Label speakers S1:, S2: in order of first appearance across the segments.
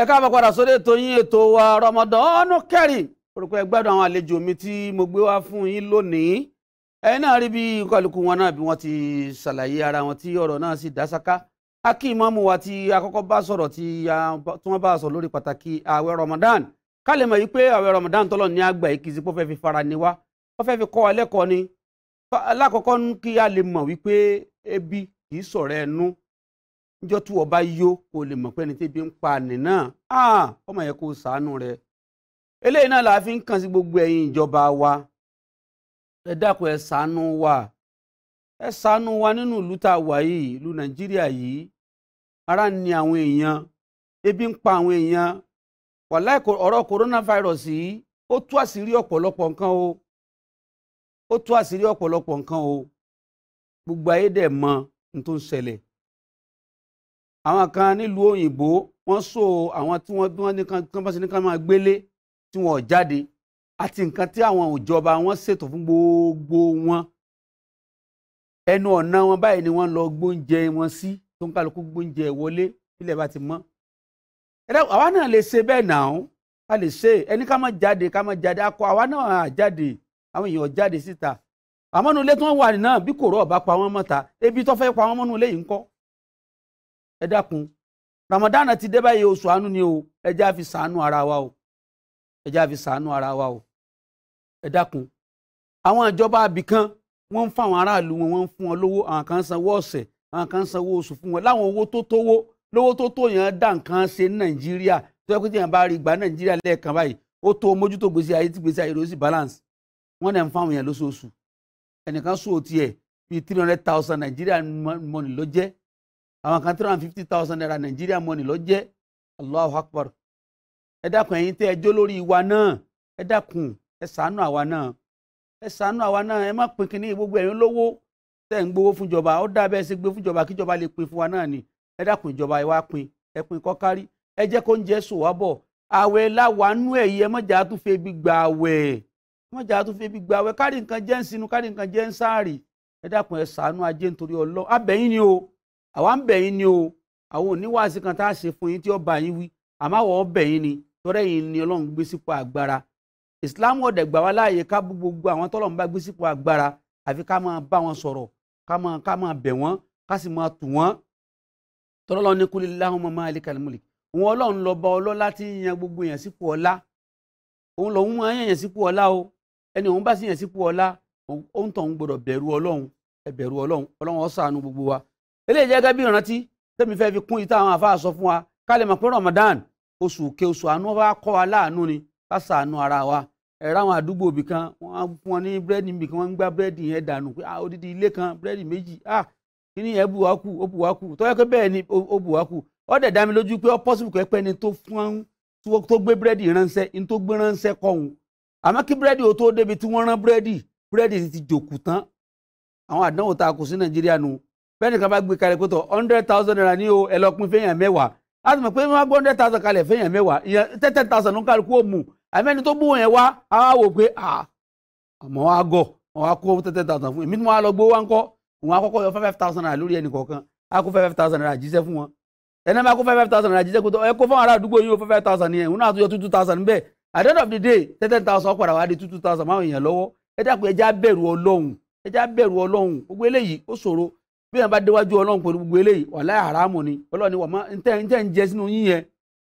S1: ẹ káàbọ̀ padà sórí ètò yín ètò wa Ramadan Kareem orúkọ ẹgbẹ́dùn àwọn àlejò mi tí mo gbé wá fún yín lónìí ẹ̀yin náà rí bí kọlùkù wọn náà bí wọ́n ti ṣàlàyé ara wọn tí ọ̀rọ̀ náà sì dáṣaká a wa tí akọ́kọ́ bá sọ̀rọ̀ tí wọ́n bá sọ lórí pàtàkì ààwẹ̀ Ramadan ká lè mọ̀ yí pé ààwẹ̀ Ramadan tọ́lọ̀ ní àgbà yìí kì í sí pé ó fẹ́ fi fara ebi kì í níjọ́ tí wọ́n bá yó kó lè pé ẹni tí ebi ń pa nì náà ọmọ yẹn kó sàánú rẹ eléyìí náà fi ń sí gbogbo ẹyin ìjọba wa ẹ dákun ẹ sàánú wa ẹ sàánú wa nínú ìlú tá a wà yìí ìlú nàìjíríà yìí ara ni àwọn èèyàn ebi ń pa àwọn èèyàn ọ̀rọ̀ coronavirus yìí ó tú àṣírí ọ̀pọ̀lọpọ̀ nǹkan o ó tú àṣírí o gbogbo ayé dẹ̀ mọ àwọn kan nílùú òyìnbó wọ́n so àwọn tí wọ́n wọ́n ní kan bá ṣe ní kan máa gbélé tí wọ́n jáde àti nǹkan tí àwọn òjọba wọ́n ṣètò fún gbogbo wọn ẹnu ọ̀nà wọn báyìí ni wọ́n lọ gbóúnjẹ wọn sí tó ń kálukú gbóúnjẹ wọlé nílẹ̀ bá ti mọ́ àwa náà lè ṣe bẹ́ẹ̀ náà a lè ṣe ẹni ká má jáde ká má jáde akọ àwa náà á jáde àwọn èèyàn jáde síta àmọ́ tí wọ́n wà náà bí kòró ọ̀bá pa wọ́n mọ́ta ebi tó fẹ́ pa wọ́n mọ́nulẹ̀ yìí ń kọ́ ẹ dákun Ramadan ti dé báyìí oṣù àánú ni o ẹ jẹ́ àfi sàánú ara wa o ẹ jẹ́ àfi sàánú ara wa o ẹ dákun àwọn ìjọba abìkan wọ́n ń fáwọn aráàlú wọn wọ́n ń fún wọn lówó àwọn kan ń sanwó ọ̀sẹ̀ àwọn kan ń sanwó oṣù fún wọn láwọn owó tó tówó lówó tó tó yẹn dá nǹkan ṣe ní Nàìjíríà tó yẹ kó tí yẹn bá rí ìgbà Nàìjíríà lẹ́ẹ̀kan báyìí ó tó mójútó gbèsè ayé tí gbèsè ayé ló sì balance wọ́n náà ń fáwọn yẹn lóṣooṣù ẹnìkan sùn òtí ẹ̀ bíi three hundred thousand Nàìjíríà money ló jẹ́ àwọn kan three hundred fifty thousand naira Nigeria money ló jẹ́ Allahu Akbar ẹ dákun ẹ̀yin tẹ́ ẹ jó lórí wa náà ẹ dákun ẹ ṣàánú àwa náà ẹ ṣàánú àwa náà ẹ má pín kínní gbogbo ẹ̀yin olówó tẹ́ ń gbowó fúnjọba ó dá bẹ́ẹ̀ ṣe gbé fúnjọba kíjọba lè pín fún wa náà ni ẹ dákun ìjọba ẹ wá pín ẹ pín kọ́kárí ẹ jẹ́ kó ń jẹ́ sùn wá bọ̀ àwẹ̀ láwàánú ẹ̀yí ẹ mọ̀jà tún fi ebi gba àwẹ̀ mọ̀jà tún fi ebi gba àwẹ̀ kárí nǹkan jẹ́ ń sinú kárí nǹkan jẹ́ ń sáàrì ẹ dákun ẹ ṣàánú ajé nítorí Ọlọ́run àwa ń bẹ̀ ni o àwọn oníwàásí kan tá a ṣe fún yín tí ó bá yín wí àmọ́ àwọn ọbẹ̀ yín ni tọ́rẹ́ yín ni ọlọ́run gbé sípò agbára ìsìláàmù ọ̀dẹ̀ gbà wá láàyè ká bú gbogbo àwọn tọ́lọ́run bá gbé sípò agbára àfi ká máa bá wọn sọ̀rọ̀ ká máa ká máa bẹ̀ wọ́n ká sì máa tù wọ́n tọ́lọ́run ní kúlẹ̀ láhùn mọ́ máa lè kàlímùlì òun ọlọ́run lọ bá ọlọ́lá tí ń yan gbogbo èèyàn sípò ọlá òun lòun máa ń yàn sípò ọlá o ẹni òun bá sì yàn sípò ọlá òun tó gbọdọ̀ bẹ̀rù ọlọ́run ẹ bẹ̀rù ọlọ́run ọlọ́run ó gbogbo wa eléyìí jẹ́ gẹ́gẹ́ bí ìrántí tẹ́mi fẹ́ fi kún ìta àwọn àfáà sọ fún wa ká lè mọ̀ pé Ramadan oṣù òkè oṣù àánú wa kọ́ wa láàánú ni ká ṣàánú ara wa ẹ̀rọ àwọn àdúgbò ibì kan wọ́n fún wọn ní búrẹ́dì ibì kan wọ́n ń gbá búrẹ́dì yẹn dànù pé ah, odidi ilé kan búrẹ́dì méjì ah kíní yẹn bù wá kù ó bù wá kù tọ́jú pé bẹ́ẹ̀ ni ó bù wá kù ó dẹ̀ dá mi lójú pé ó pọ́sibù kẹ́ pẹ́ ni tó fún tó gbé búrẹ́dì ránṣẹ́ ni tó gbé ránṣẹ́ kọ̀hún àmọ́ kí búrẹ́dì ò tó débi tí wọ́n rán búrẹ́dì búrẹ́dì ti jòkù tán àwọn àdánwò tá kò sí Nàìjíríà nù bẹ́ẹ̀ nìkan bá gbé kalẹ̀ pé hundred thousand naira ní o ẹ lọ pín fẹ́yàn mẹ́wàá a mọ̀ pé wọ́n á gbọ́ hundred thousand kalẹ̀ fẹ́yàn mẹ́wàá ìyẹn ten thousand ló ń kálukú òmù àmẹ́ni tó bú yẹn wá a wá wò pé àmọ́ wa gọ̀ wọ́n á kó ten thousand fún èmi tí wọ́n á lọ gbowó wá ń kọ́ wọ́n á kọ́kọ́ yọ five thousand naira lórí ẹnì kọ̀ọ̀kan á kó five thousand naira jíṣẹ́ fún wọn ẹni máa kó five thousand naira jíṣẹ́ kótó ẹ kó fún ará àdúgbò yín o five thousand yẹn òun náà tó yọ two two thousand bẹ́ẹ̀ at the end of the day ten thousand ọ̀padà wá di two two thousand máwọn èèyàn lọ́wọ́ ẹ dákun ẹja bẹ̀rù ọlọ́run ẹja bẹ̀rù ọlọ́run gbogbo eléyìí ó ṣòro bí yẹn bá déwájú ọlọ́run pẹ̀lú gbogbo eléyìí wàláì haramu ni ọlọ́run ni wàmọ́ ntẹ́ ntẹ́ ń jẹ sínú yín yẹn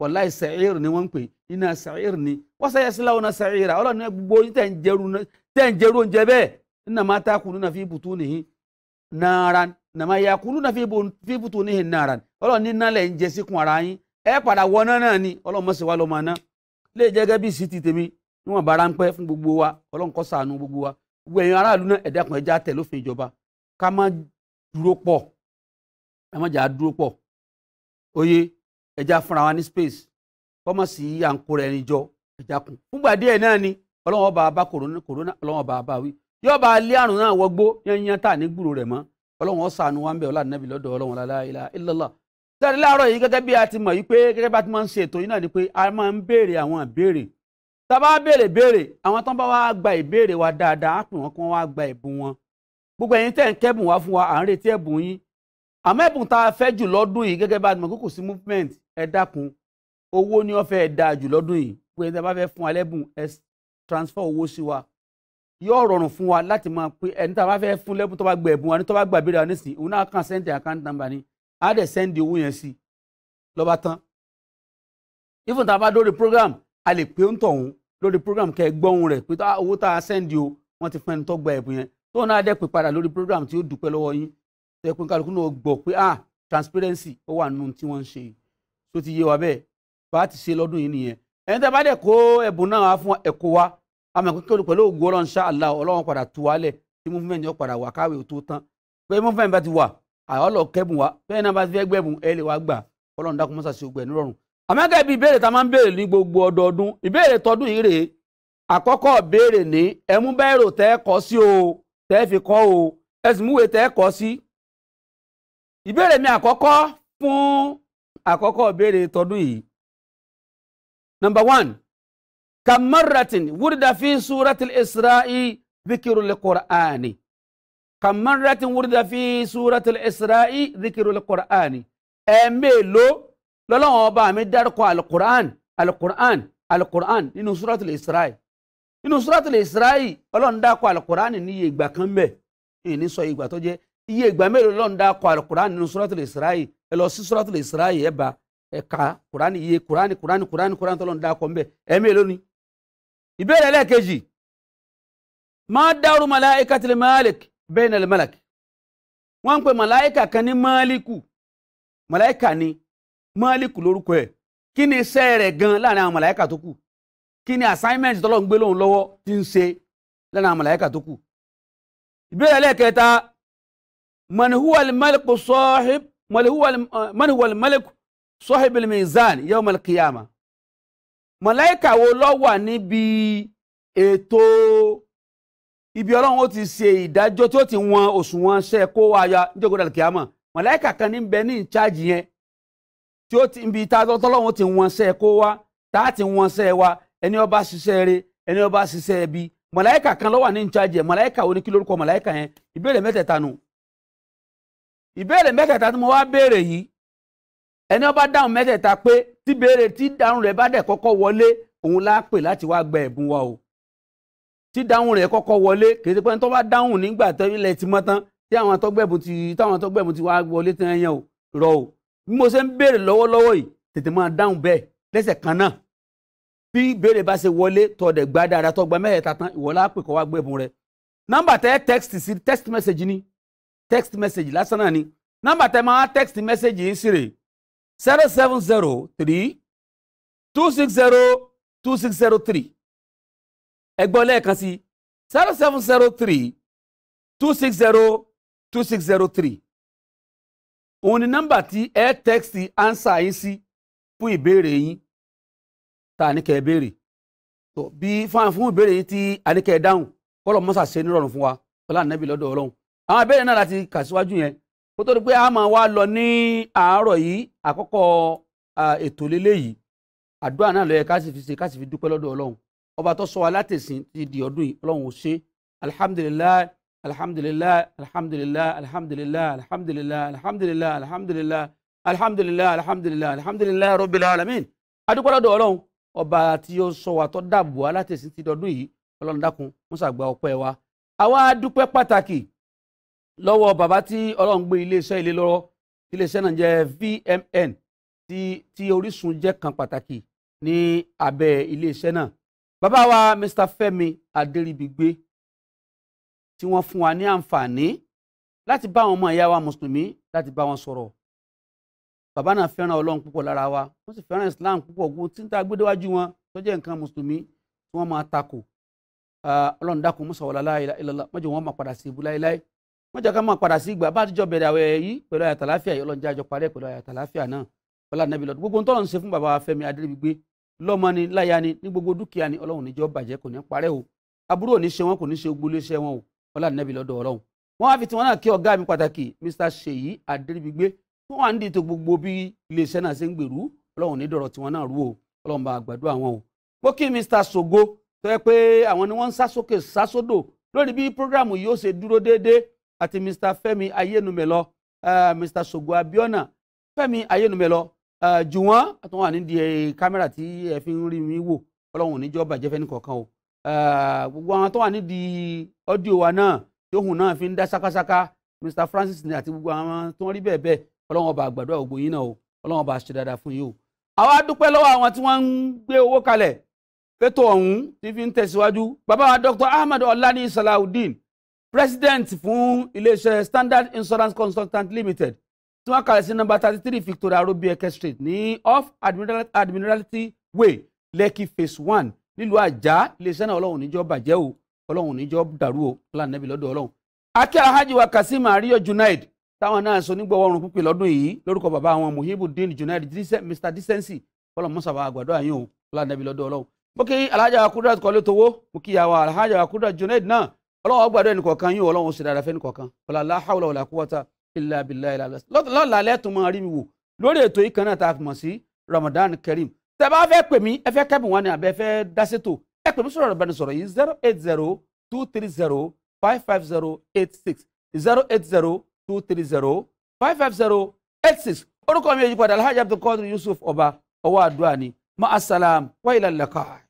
S1: wàláì sa'ir ni wọ́n ń pè iná sa'ir ni wọ́n sẹ́yẹ sílá wọn sa'ira ọlọ́run ni gbogbo ntẹ́ ń jẹrú ntẹ́ ń jẹrú oúnjẹ bẹ́ẹ̀ nna ma ta kunu na fi butu nihin naaran nna ma ya kunu na fi butu nihin naaran ọlọ́run ni nálẹ̀ ń jẹ síkun ara yín ẹ padà wọná náà ni ọlọ́run mọ̀sẹ̀ wa lọ́mọ náà lè jẹ́ gẹ́gẹ́ bí ìsìtì tèmi níwọ̀n bára ń pẹ́ fún gbogbo wa ọlọ́run kó dúró pọ̀ ẹ má jà á dúró pọ̀ oyè ẹja fúnra wa ní space kọ́mọ̀ sí à ń kóra ẹni jọ ẹja kù fúngbà díẹ̀ náà ni ọlọ́wọ́n bá a bá kòrónà kòrónà ọlọ́wọ́n bá a bá wí yóò bá a lé àrùn náà wọgbó yányán tá à ní gbúrò rẹ̀ mọ́ ọlọ́wọ́n sànù wa ń bẹ̀ ọlá nàbì lọ́dọ̀ ọlọ́wọ́n lálá ilá illallah sẹ́ni láàárọ̀ yìí gẹ́gẹ́ bí a ti mọ̀ yìí pé gẹ́gẹ́ bá ti máa ń ṣe ètò yìí náà ni pé a máa ń gbogbo ẹ̀yin tẹ́ ń kẹ́bùn wá fún wa à ń retí ẹ̀bùn yín àmọ́ ẹ̀bùn tá a fẹ́ jù lọ́dún yìí gẹ́gẹ́ bá a mọ̀ kókò sí movement ẹ owó ni wọ́n fẹ́ da jù lọ́dún yìí gbogbo ẹ̀yin tẹ́ bá fẹ́ fún alẹ́bùn ẹ transfer owó sí wa yóò rọrùn fún wa láti máa pé ẹni tá a bá fẹ́ fún lẹ́bùn tó bá gba ẹ̀bùn wa ní tó bá gba ìbéèrè wa ní òun náà kàn send account number ni á dẹ̀ send owó yẹn sí lọ́ba tán even tá a bá lórí program a lè pé ń tọ̀hún lórí program kẹ́ ẹ gbọ́ ohun rẹ̀ pé ah, owó tá a send o wọ́n ti fún ẹni tó gba ẹ̀bùn yẹn tó náà dẹ̀ pè padà lórí program tí ó dúpẹ́ lọ́wọ́ yín tó kálukú náà gbọ́ pé ah transparency ó wà nínú tí wọ́n ń ṣe tó ti yé wa bẹ́ẹ̀ bá ti ṣe lọ́dún yìí nìyẹn ẹni tẹ́ bá dẹ̀ kó ẹ̀bùn náà wá fún ẹ̀kọ́ wa àmọ́ ẹ̀kọ́ pẹ̀lú ògùn ọlọ́run ṣá àlá ọlọ́run padà tu wálẹ̀ tí movement yẹn padà wà káwé tó tán pé movement bá ti wà àwọn lọ kẹ́bùn wa bẹ́ẹ̀ náà bá ti fẹ́ gbẹ̀bùn ẹ lè wá gbà ọlọ́run dákun mọ́sàsì ogun ẹ̀ nírọ̀rùn àmọ́kẹ́ bíi ìbéèrè tá a máa ń béèrè ní gbogbo ọdọọdún ìbéèrè tọdún yìí rèé àkọ́kọ́ béèrè ní ẹ̀mú bẹ́ẹ̀rò tẹ́ kọ́ sí tẹ́ fi kọ́ o ẹ̀sìn múwe tẹ́ kọ́ sí. ìbéèrè mi àkọ́kọ́ fún àkọ́kọ́ ìbéèrè tọdún yìí. number one kamaratin wúrídà fi súratil isra'i dhikirul qur'ani kamaratin wúrídà fi súratil isra'i dhikirul qur'ani ẹ̀ẹ́mẹ́lò lọ́lọ́wọ́n ọba mi dárúkọ alukur'an alukur'an alukur'an nínú súratil isra'i. inú surat isra'i ọlọ́run dákọ̀ alukurani ní iye ìgbà kan bẹ̀ èyí ní sọ ìgbà tó jẹ́ iye ìgbà mélòó ọlọ́run dákọ̀ alukurani nínú suratul isra'i ẹ lọ sí suratul isra'i ẹ bá ẹ ka kurani iye kurani kurani kurani kurani tó ọlọ́run dákọ̀ ńbẹ̀ ẹ mélòó ni. ìbéèrè ẹlẹ́ẹ̀kejì máa dárú malaikatil malik bainal malak wọ́n ń pe malaika kan ní máàlíkù malaika ni máàlíkù lórúkọ ẹ̀ kí ni iṣẹ́ rẹ̀ gan láàrin àwọn malaika tó kù kí ni assignment tọ́lọ́ ń gbé lóhun lọ́wọ́ ti ń ṣe lẹ́nu àwọn màláíkà tó kù. ìbéèrè lẹ́ẹ̀kẹta mọ̀nìhúwàlì mọ́lẹ́kù sọ́hìbìlì wo ló wà níbi ètò ibi ọlọ́run ó ti ṣe ìdájọ́ tí ó ti wọn òṣùwọ̀n ṣe kó aya níjọ́gbọ́dọ̀ kìámà màláíkà kan ní bẹ ní ìcháàjì yẹn tí ó ti ń bi tá a tọ́lọ́run wọn ṣe kó wa tá a ti wa ẹni ó bá ṣiṣẹ́ rere ẹni ó bá ṣiṣẹ́ ẹbí mọ̀láyíkà kan ló wà ní ìjájẹ mọ̀láyíkà wo ni kí lórúkọ mọ̀láyíkà yẹn ìbéèrè mẹ́tẹ̀ẹ̀ta nù ìbéèrè mẹ́tẹ̀ẹ̀ta tí mo wá béèrè yìí ẹni ó bá dáhùn mẹ́tẹ̀ẹ̀ta pé tí béèrè tí dáhùn rẹ̀ bá dẹ̀ kọ́kọ́ wọlé òun la pè láti wá gba ẹ̀bùn wa o tí dáhùn rẹ̀ kọ́kọ́ wọlé kìí ṣe pé tó bá dáhùn nígbà tó ilẹ̀ ti mọ́ tán tí àwọn àtọ́gbẹ̀bùn ti táwọn àtọ́gbẹ̀bùn ti wá wọlé tán yẹn o rọ o bí mo ṣe ń béèrè lọ́wọ́lọ́wọ́ yìí tètè máa dáhùn bẹ́ẹ̀ lẹ́sẹ̀ kan náà bí ìbéèrè bá ṣe wọlé tọ̀dẹ̀ gbá dára tọgbà mẹ́ẹ̀ẹ́ta tán ìwọlá pè kọ́ wá gbẹ̀bùn rẹ̀ nọ́mbà tẹ́ text sí text message ni text message lásán náà ni nọ́mbà tẹ́ máa text message yìí sí rè zero seven zero three two six zero two six zero three ẹ gbọ́ lẹ́ẹ̀kan sí zero seven zero three two six zero two six zero three òun ni nọ́mbà tí ẹ text answer yín sí fún ìbéèrè yín tá a ní kẹ́ ẹ béèrè tó bí fún ìbéèrè yìí tí a ní kẹ́ ẹ dáhùn kọ́lọ̀ mọ́sà ṣe nírọ̀rùn fún wa ọlá nẹ́bí lọ́dọ̀ ọlọ́run àwọn ìbéèrè náà láti kà síwájú yẹn kó tó di pé a máa wá lọ ní àárọ̀ yìí àkọ́kọ́ ètò lélẹ̀ yìí àdúrà náà ló yẹ ká sì fi ṣe ká sì fi dúpẹ́ lọ́dọ̀ ọlọ́run ọba tó sọ wa látẹ̀sìn ti di ọdún yìí ọlọ́run ò ṣe alhamdulillah alhamdulillah alhamdulillah alhamdulillah alhamdulillah alhamdulillah alhamdulillah alhamdulillah alhamdulillah alhamdulillah ọba tí ó sọ wa tó dàbò wa láti èsì ti dọdún yìí ọlọ́run dákun musa gba ọpẹ́ wa. àwa dúpẹ́ pàtàkì lọ́wọ́ bàbá tí ọlọ́run gbé iléeṣẹ́ ilé lọ́rọ́ iléeṣẹ́ náà jẹ́ VMN tí tí Orísun jẹ́ kan pàtàkì ní abẹ́ iléeṣẹ́ náà. bàbá wa Mr Fẹ́mi Adéríbigbé tí wọ́n fún wa ní àǹfààní láti bá àwọn ọmọ ìyá wa mùsùlùmí láti bá wọn sọ̀rọ̀ bàbá náà fẹ́ràn ọlọ́run púpọ̀ lára wa wọ́n sì fẹ́ràn islam púpọ̀ gbogbo tí ń ta gbé déwájú wọn tó jẹ́ nǹkan mùsùlùmí tí wọ́n máa takò ọlọ́run dákun mọ́sà wàlá láìla ìlọ́lá mọ́jọ wọn máa padà sí ibú láéláé mọ́jọ ká máa padà sí ìgbà bá àtijọ́ bẹ̀rẹ̀ àwẹ̀ yìí pẹ̀lú àyàtà láfíà yìí ọlọ́run jájọ parẹ́ pẹ̀lú àyàtà láfíà náà ọlá nàbí lọ́dún gbogbo tọ́lọ́run ṣe fún bàbá Fẹ́mi Adébígbé lọ́mọ ni láya ni ní gbogbo dúkìá ni ọlọ́run níjọ́ bàjẹ́ kò ní parẹ́ o aburú ò ní ṣe wọn kò ní ṣe gbólé ṣe wọn o ọlá nàbí lọ́dọ̀ ọlọ́run wọ́n á fi tiwọn náà kí ọ̀gá mi pàtàkì Mr. Ṣèyí Adébígbé wọ́n wà ń dètò gbogbo bí iléeṣẹ́ náà ṣe ń gbèrú ọlọ́run ní dọ̀rọ̀ tiwọn náà rú o ọlọ́run bá àgbàdo àwọn o. mo kí Mr. Sogo tó yẹ pé àwọn ni wọ́n ń sásókè sásódò lórí bí programu yóò ṣe dúró déédéé àti Mr. Fẹ́mi Ayénumẹ́lọ eh, Mr. Sogo Abiona Fẹ́mi Ayénumẹ́lọ uh, eh, jùwọ́n àti wọn wà nídìí eh, kámẹ́rà tí ẹ fi ń rí mi wò ọlọ́run níjọ́ bàjẹ́ fẹ́ nìkọ̀ọ̀kan o gbogbo àwọn tó wà nídìí ọ́díò wa náà tí òun náà fi ń dá ṣákáṣáká Mr. Francis ni àti gbogbo àwọn tó ń rí bẹ́ẹ̀ bẹ́ẹ̀ ọlọ́run ọba àgbàdo ògo yín náà o ọlọ́run ọba ṣe dáadáa fún yín o. àwa dúpẹ́ lọ́wọ́ àwọn tí wọ́n ń gbé owó kalẹ̀ fẹ́tò ọ̀hún tí fi ń tẹ̀síwájú bàbá wa Dr. Ahmed Ọláni Salawudeen president fún iléeṣẹ́ Standard Insurance Consultant Limited tí wọ́n kalẹ̀ sí nọ́mbà thirty three Victoria Robieke Street ní off Admiralty Way Lekki phase one nílùú Àjà iléeṣẹ́ náà ọlọ́run níjọ́ bàjẹ́ o ọlọ́run níjọ́ dàrú o ọlọ́run nẹ́bí lọ́dọ̀ ọlọ́run akẹ́ alhaji wa Kasim Ariyo Junaid táwọn náà so nígbọ̀wọ́ ọrùn pípé lọ́dún yìí lórúkọ bàbá àwọn Muhibudeen Junaid Mr Decency kọlọ̀ mọ́sàbà àgbàdo àyàn o ọlànàbí lọ́dọ̀ ọlọ́run mo kí alhaja Kudrat kọ́lé towó mo kí alhaja Kudrat Junaid náà ọlọ́run àgbàdo ẹnì kọ̀ọ̀kan yín ọlọ́run oṣù dára fẹ́ni kọ̀ọ̀kan la hawla wala quwwata illa billahi lọ́la lẹ́tùn máa rí mi Ramadan Kareem tẹ́ bá fẹ́ pè mí ẹ fẹ́ kẹ́bùn wọn ni àbẹ́ zero eight zero two three zero five five zero eight six zero eight zero two three zero five five zero eight six orúkọ mi èyí padà alhaji abdulkadir yusuf ọba ọwọ́ àdúrà ni ma asalam wa ilà lẹ́kọ̀ọ́.